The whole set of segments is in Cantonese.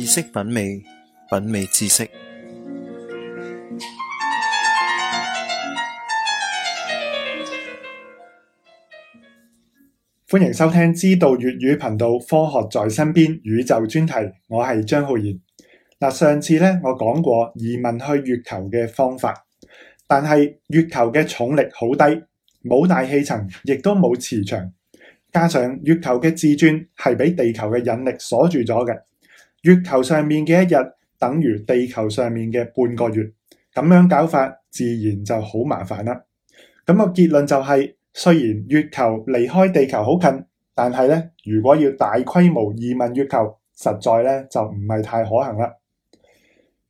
知識品味，品味知識。歡迎收聽知道粵語頻道《科學在身邊》宇宙專題，我係張浩然。嗱，上次咧我講過移民去月球嘅方法，但係月球嘅重力好低，冇大氣層，亦都冇磁場，加上月球嘅自轉係俾地球嘅引力鎖住咗嘅。月球上面嘅一日等於地球上面嘅半個月，咁樣搞法自然就好麻煩啦。咁個結論就係，雖然月球離開地球好近，但係咧，如果要大規模移民月球，實在咧就唔係太可行啦。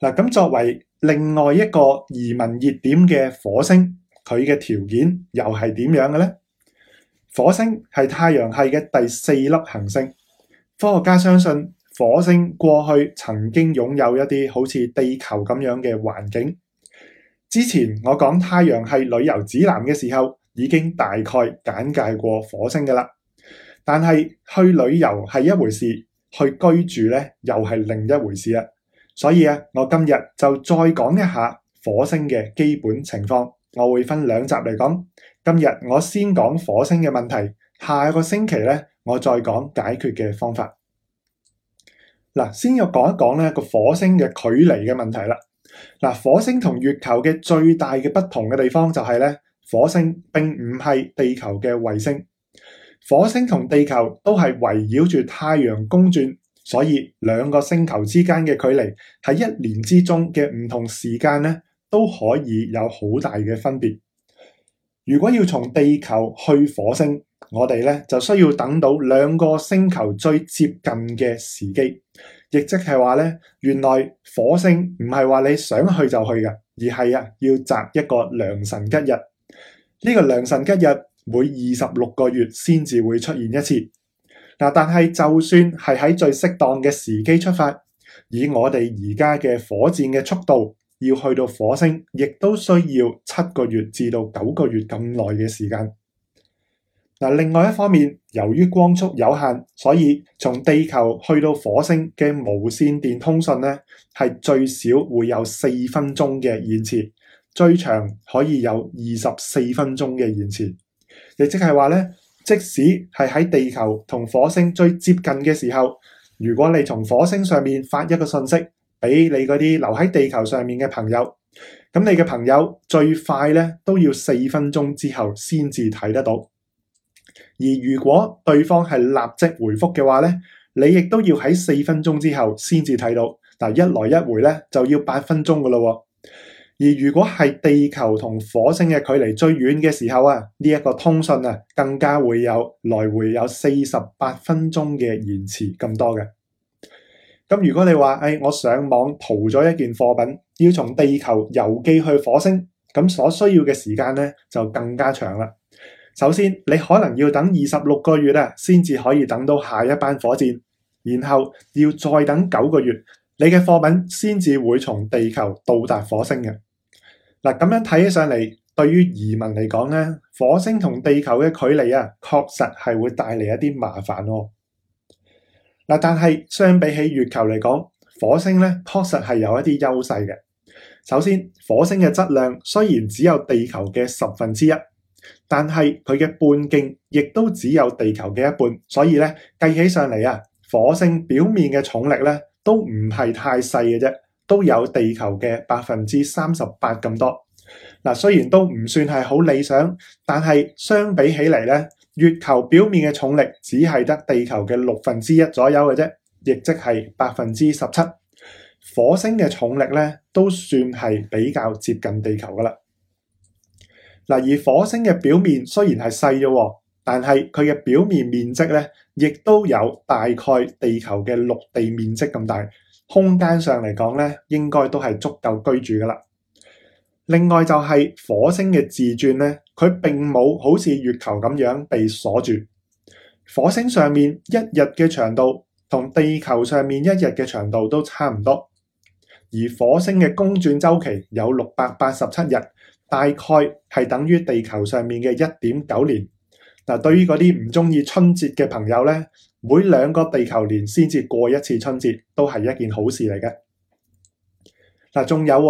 嗱，咁作為另外一個移民熱點嘅火星，佢嘅條件又係點樣嘅呢？火星係太陽系嘅第四粒行星，科學家相信，火星過去曾經擁有一啲好似地球咁樣嘅環境。之前我講太陽系旅遊指南嘅時候，已經大概簡介過火星㗎啦。但係去旅遊係一回事，去居住呢又係另一回事啊。所以啊，我今日就再講一下火星嘅基本情況。我會分兩集嚟講。今日我先講火星嘅問題，下個星期呢，我再講解決嘅方法。嗱，先要講一講咧個火星嘅距離嘅問題啦。嗱，火星同月球嘅最大嘅不同嘅地方就係咧，火星並唔係地球嘅衛星。火星同地球都係圍繞住太陽公轉，所以兩個星球之間嘅距離喺一年之中嘅唔同時間咧都可以有好大嘅分別。如果要從地球去火星，我哋咧就需要等到兩個星球最接近嘅時機，亦即係話咧，原來火星唔係話你想去就去嘅，而係啊要擇一個良辰吉日。呢個良辰吉日每二十六個月先至會出現一次。嗱，但係就算係喺最適當嘅時機出發，以我哋而家嘅火箭嘅速度，要去到火星，亦都需要七個月至到九個月咁耐嘅時間。嗱，另外一方面，由於光速有限，所以從地球去到火星嘅無線電通訊咧，係最少會有四分鐘嘅延遲，最長可以有二十四分鐘嘅延遲。亦即係話咧，即使係喺地球同火星最接近嘅時候，如果你從火星上面發一個信息俾你嗰啲留喺地球上面嘅朋友，咁你嘅朋友最快咧都要四分鐘之後先至睇得到。而如果對方係立即回覆嘅話咧，你亦都要喺四分鐘之後先至睇到。嗱，一來一回咧就要八分鐘噶啦。而如果係地球同火星嘅距離最遠嘅時候啊，呢一個通訊啊更加會有來回有四十八分鐘嘅延遲咁多嘅。咁如果你話誒、哎，我上網淘咗一件貨品，要從地球郵寄去火星，咁所需要嘅時間咧就更加長啦。首先，你可能要等二十六個月先至可以等到下一班火箭，然後要再等九個月，你嘅貨品先至會從地球到達火星嘅。嗱，咁樣睇起上嚟，對於移民嚟講咧，火星同地球嘅距離啊，確實係會帶嚟一啲麻煩。嗱，但係相比起月球嚟講，火星咧確實係有一啲優勢嘅。首先，火星嘅質量雖然只有地球嘅十分之一。但係佢嘅半徑亦都只有地球嘅一半，所以咧計起上嚟啊，火星表面嘅重力咧都唔係太細嘅啫，都有地球嘅百分之三十八咁多。嗱，雖然都唔算係好理想，但係相比起嚟咧，月球表面嘅重力只係得地球嘅六分之一左右嘅啫，亦即係百分之十七。火星嘅重力咧都算係比較接近地球㗎喇。嗱，而火星嘅表面雖然係細咗，但係佢嘅表面面積呢，亦都有大概地球嘅陸地面積咁大，空間上嚟講呢，應該都係足夠居住噶啦。另外就係火星嘅自轉呢，佢並冇好似月球咁樣被鎖住。火星上面一日嘅長度同地球上面一日嘅長度都差唔多，而火星嘅公轉周期有六百八十七日。大概係等於地球上面嘅一點九年。嗱，對於嗰啲唔中意春節嘅朋友呢，每兩個地球年先至過一次春節，都係一件好事嚟嘅。嗱，仲有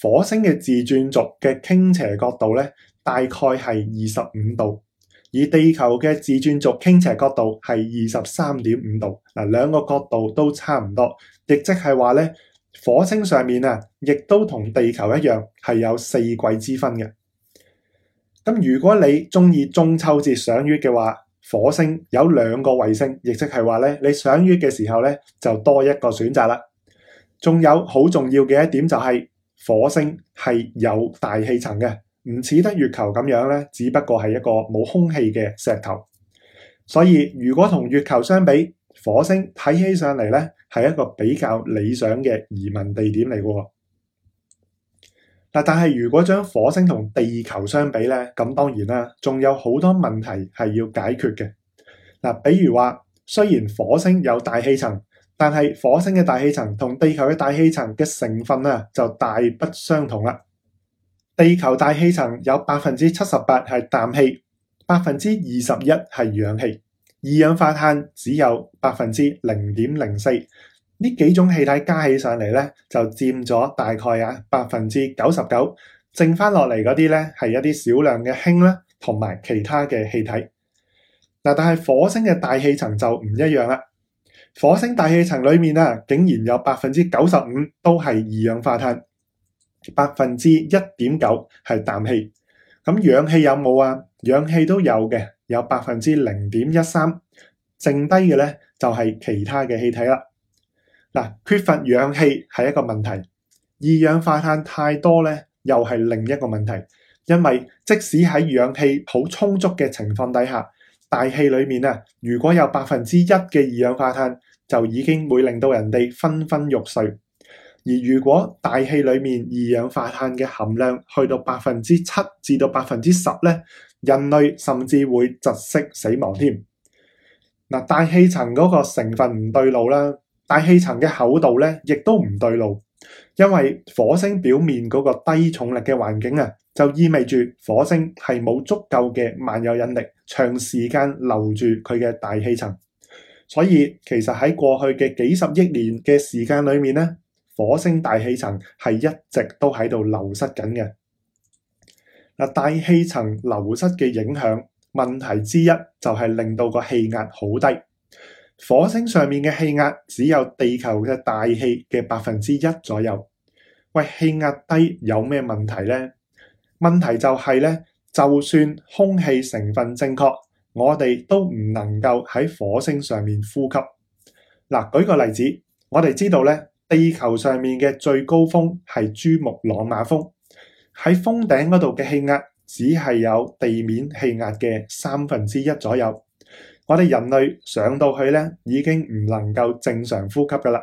火星嘅自轉軸嘅傾斜角度呢，大概係二十五度，而地球嘅自轉軸傾斜角度係二十三點五度。嗱，兩個角度都差唔多，亦即係話呢。火星上面啊，亦都同地球一樣係有四季之分嘅。咁如果你中意中秋節賞月嘅話，火星有兩個衛星，亦即係話咧，你賞月嘅時候咧就多一個選擇啦。仲有好重要嘅一點就係火星係有大氣層嘅，唔似得月球咁樣咧，只不過係一個冇空氣嘅石頭。所以如果同月球相比，火星睇起上嚟呢，係一個比較理想嘅移民地點嚟嘅。嗱，但係如果將火星同地球相比呢，咁當然啦，仲有好多問題係要解決嘅。嗱，比如話，雖然火星有大氣層，但係火星嘅大氣層同地球嘅大氣層嘅成分呢，就大不相同啦。地球大氣層有百分之七十八係氮氣，百分之二十一係氧氣。二氧化碳只有百分之零點零四，呢幾種氣體加起上嚟咧，就佔咗大概啊百分之九十九，剩翻落嚟嗰啲咧，係一啲少量嘅氫啦，同埋其他嘅氣體。嗱，但係火星嘅大氣層就唔一樣啦。火星大氣層裏面啊，竟然有百分之九十五都係二氧化碳，百分之一點九係氮氣。咁氧氣有冇啊？氧氣都有嘅。有百分之零點一三，剩低嘅呢就係其他嘅氣體啦。嗱，缺乏氧氣係一個問題，二氧化碳太多呢又係另一個問題。因為即使喺氧氣好充足嘅情況底下，大氣裏面啊，如果有百分之一嘅二氧化碳就已經會令到人哋昏昏欲睡，而如果大氣裏面二氧化碳嘅含量去到百分之七至到百分之十呢。人類甚至會窒息死亡添。嗱，大氣層嗰個成分唔對路啦，大氣層嘅厚度咧亦都唔對路，因為火星表面嗰個低重力嘅環境啊，就意味住火星係冇足夠嘅萬有引力，長時間留住佢嘅大氣層。所以其實喺過去嘅幾十億年嘅時間裏面咧，火星大氣層係一直都喺度流失緊嘅。嗱，大氣層流失嘅影響問題之一就係令到個氣壓好低。火星上面嘅氣壓只有地球嘅大氣嘅百分之一左右。喂，氣壓低有咩問題咧？問題就係咧，就算空氣成分正確，我哋都唔能夠喺火星上面呼吸。嗱，舉個例子，我哋知道咧，地球上面嘅最高峰係珠穆朗瑪峰。喺峰頂嗰度嘅氣壓只係有地面氣壓嘅三分之一左右，我哋人類上到去呢，已經唔能夠正常呼吸噶啦。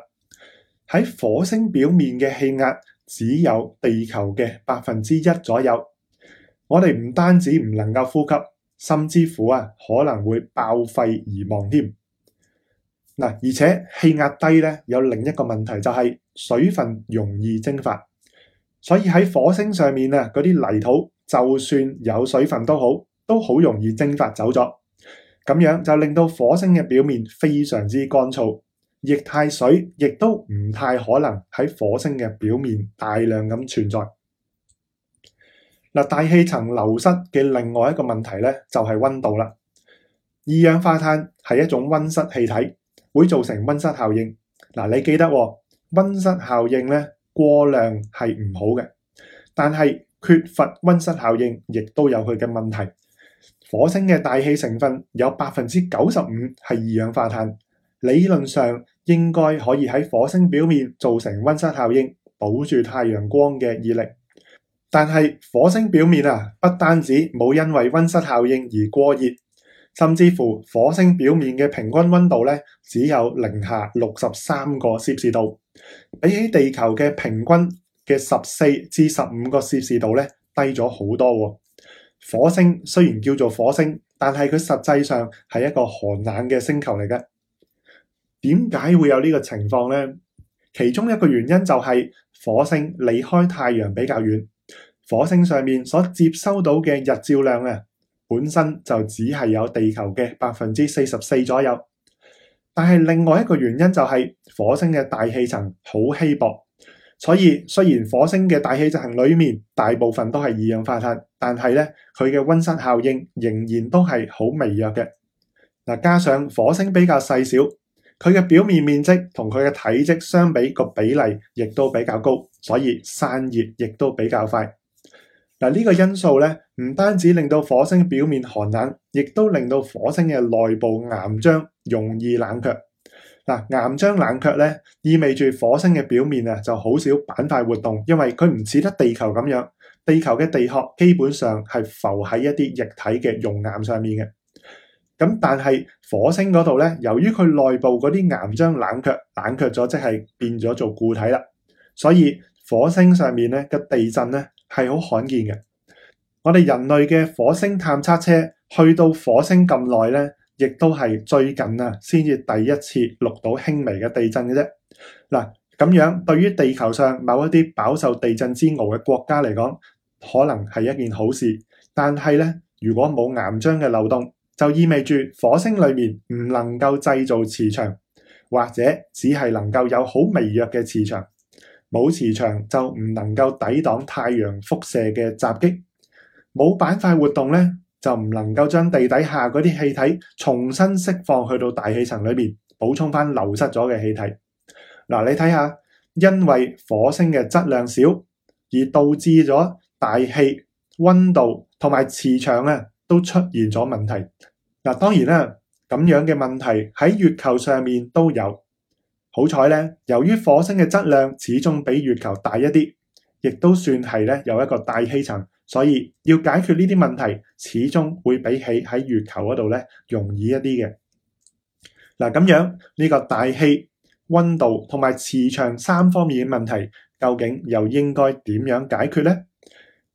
喺火星表面嘅氣壓只有地球嘅百分之一左右，我哋唔單止唔能夠呼吸，甚至乎啊可能會爆肺而亡添。嗱，而且氣壓低呢，有另一個問題就係水分容易蒸發。所以喺火星上面啊，嗰啲泥土就算有水分都好，都好容易蒸發走咗。咁樣就令到火星嘅表面非常之乾燥，液態水亦都唔太可能喺火星嘅表面大量咁存在。嗱，大氣層流失嘅另外一個問題呢，就係温度啦。二氧化碳係一種温室氣體，會造成温室效應。嗱，你記得喎，温室效應呢。過量係唔好嘅，但係缺乏温室效應亦都有佢嘅問題。火星嘅大氣成分有百分之九十五係二氧化碳，理論上應該可以喺火星表面造成温室效應，保住太陽光嘅熱力。但係火星表面啊，不單止冇因為温室效應而過熱，甚至乎火星表面嘅平均温度咧，只有零下六十三個攝氏度。比起地球嘅平均嘅十四至十五個攝氏度咧，低咗好多。火星雖然叫做火星，但係佢實際上係一個寒冷嘅星球嚟嘅。點解會有呢個情況呢？其中一個原因就係火星離開太陽比較遠，火星上面所接收到嘅日照量啊，本身就只係有地球嘅百分之四十四左右。但係另外一個原因就係火星嘅大氣層好稀薄，所以雖然火星嘅大氣層裏面大部分都係二氧化碳，但係咧佢嘅溫室效應仍然都係好微弱嘅。加上火星比較細小，佢嘅表面面積同佢嘅體積相比個比例亦都比較高，所以散熱亦都比較快。嗱，呢個因素咧，唔單止令到火星表面寒冷，亦都令到火星嘅內部岩漿容易冷卻。嗱，岩漿冷卻咧，意味住火星嘅表面啊，就好少板塊活動，因為佢唔似得地球咁樣。地球嘅地殼基本上係浮喺一啲液體嘅熔岩上面嘅。咁但係火星嗰度咧，由於佢內部嗰啲岩漿冷卻，冷卻咗，即係變咗做固體啦，所以火星上面咧嘅地震咧，係好罕見嘅，我哋人類嘅火星探測車去到火星咁耐咧，亦都係最近啊先至第一次錄到輕微嘅地震嘅啫。嗱，咁樣對於地球上某一啲飽受地震之禍嘅國家嚟講，可能係一件好事。但係咧，如果冇岩漿嘅流動，就意味住火星裏面唔能夠製造磁場，或者只係能夠有好微弱嘅磁場。冇磁場就唔能夠抵擋太陽輻射嘅襲擊，冇板塊活動呢就唔能夠將地底下嗰啲氣體重新釋放去到大氣層裏面，補充翻流失咗嘅氣體。嗱，你睇下，因為火星嘅質量少，而導致咗大氣、温度同埋磁場咧都出現咗問題。嗱，當然啦，咁樣嘅問題喺月球上面都有。好彩咧，由於火星嘅質量始終比月球大一啲，亦都算係咧有一個大氣層，所以要解決呢啲問題，始終會比起喺月球嗰度咧容易一啲嘅。嗱，咁樣呢個大氣、温度同埋磁場三方面嘅問題，究竟又應該點樣解決咧？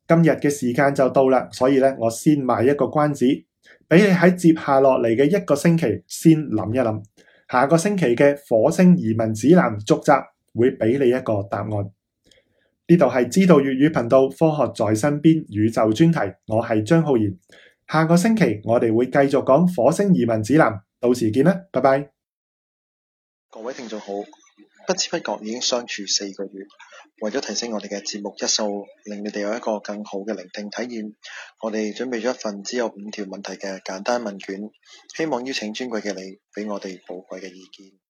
今日嘅時間就到啦，所以咧我先賣一個關子，俾你喺接下落嚟嘅一個星期先諗一諗。下個星期嘅《火星移民指南》續集會俾你一個答案。呢度係知道粵語頻道《科學在身邊》宇宙專題，我係張浩然。下個星期我哋會繼續講《火星移民指南》，到時見啦，拜拜。各位聽眾好。不知不覺已經相處四個月，為咗提升我哋嘅節目質素，令你哋有一個更好嘅聆聽體驗，我哋準備咗一份只有五條問題嘅簡單問卷，希望邀請尊貴嘅你俾我哋寶貴嘅意見。